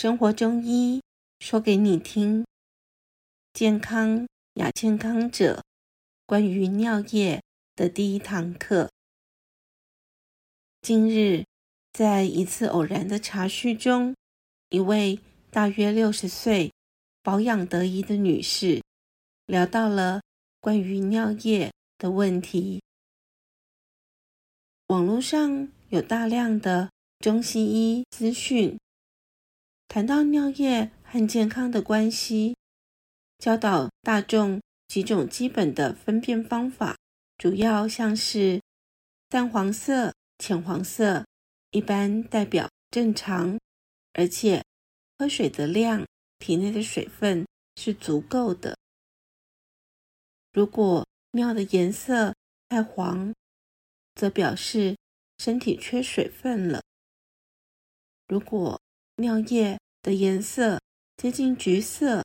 生活中醫說給你聽：健康亞健康者關於尿液的第一堂課。近日，在一次偶然的茶敘中，一位大約六十歲、保養得宜的女士，聊到了關於尿液的問題。網絡上有大量的中西醫資訊。談到尿液和健康的關係，教導大眾幾種基本的分辨方法，主要像是淡黃色、淺黃色，一般代表正常，而且喝水的量，體內的水分是足夠的。如果尿的顏色太黃，則表示身體缺水分了。如果尿液，的顏色接近橘色，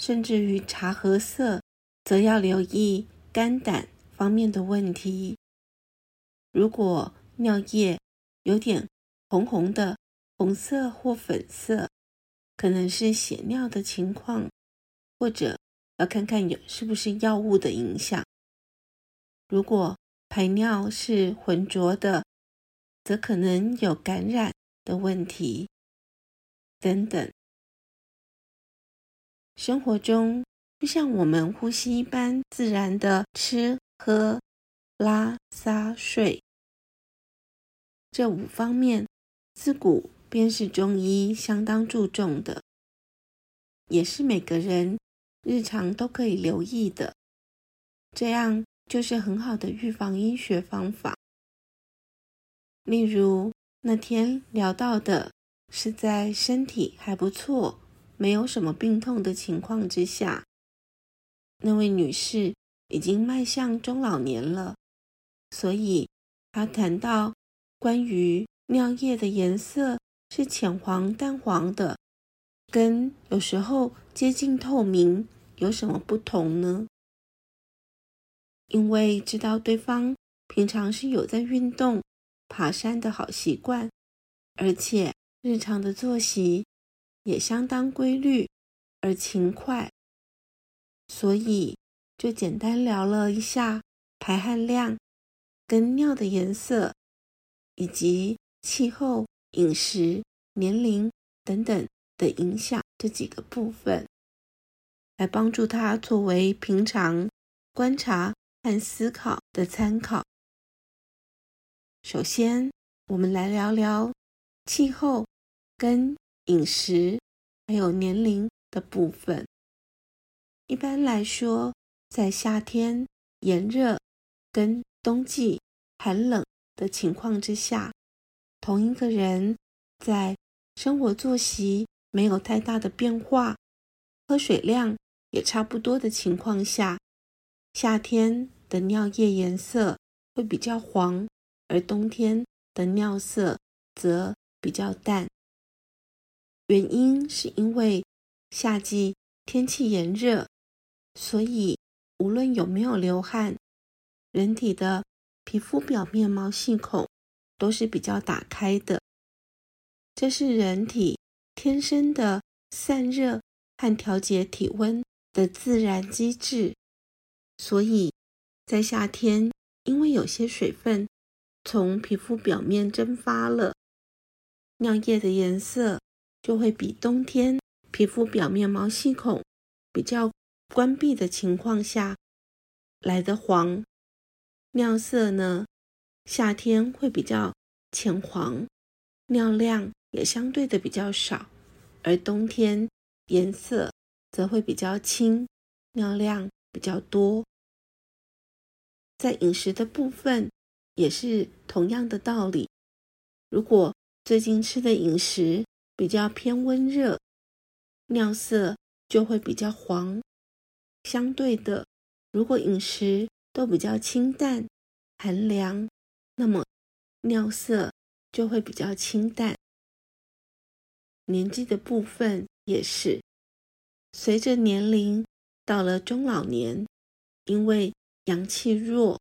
甚至於茶褐色，則要留意肝膽方面的問題。如果尿液有點紅紅的、紅色或粉色，可能是血尿的情況，或者要看看有是不是藥物的影響。如果排尿是渾濁的，則可能有感染的問題。等等，生活中就像我們呼吸一般自然的吃、喝、拉、撒、睡，這五方面自古便是中醫相當注重的，也是每個人日常都可以留意的，這樣就是很好的預防醫學方法。例如那天聊到的。是在身體還不錯、沒有什麼病痛的情況之下，那位女士已經邁向中老年了，所以她談到關於尿液的顏色是淺黃、淡黃的，跟有時候接近透明有什麼不同呢？因為知道對方平常是有在運動、爬山的好習慣，而且。日常的作息也相當規律而勤快，所以就簡單聊了一下排汗量、跟尿的顏色，以及氣候、飲食、年齡等等的影響這幾個部分，來幫助他作為平常觀察和思考的參考。首先，我們來聊聊氣候。跟飲食還有年齡的部分，一般來說，在夏天炎熱跟冬季寒冷的情況之下，同一個人在生活作息沒有太大的變化，喝水量也差不多的情況下，夏天的尿液顏色會比較黃，而冬天的尿色則比較淡。原因是因為夏季天氣炎熱，所以無論有沒有流汗，人體的皮膚表面毛細孔都是比較打開的。這是人體天生的散熱和調節體溫的自然機制。所以，在夏天，因為有些水分從皮膚表面蒸發了，尿液的顏色就會比冬天皮膚表面毛細孔比較關閉的情況下來得黃，尿色呢，夏天會比較淺黃，尿量也相對的比較少，而冬天顏色則會比較清，尿量比較多。在飲食的部分也是同樣的道理，如果最近吃的飲食，比較偏溫熱，尿色就會比較黃。相對的，如果飲食都比較清淡、寒涼，那麼尿色就會比較清淡。年紀的部分也是，隨着年齡到了中老年，因為陽氣弱，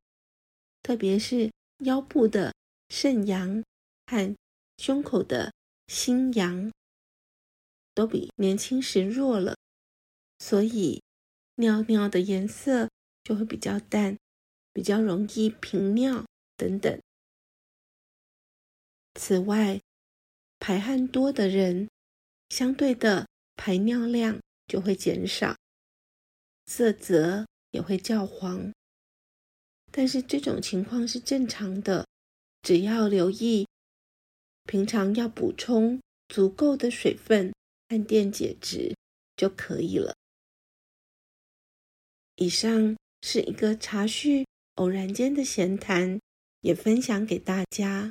特別是腰部的腎陽和胸口的心陽都比年輕時弱了，所以尿尿的顏色就會比較淡，比較容易頻尿等等。此外，排汗多的人，相對的排尿量就會減少，色澤也會較黃。但是這種情況是正常的，只要留意。平常要補充足夠的水分和電解質就可以了。以上是一個茶敘偶然間的閒談，也分享給大家。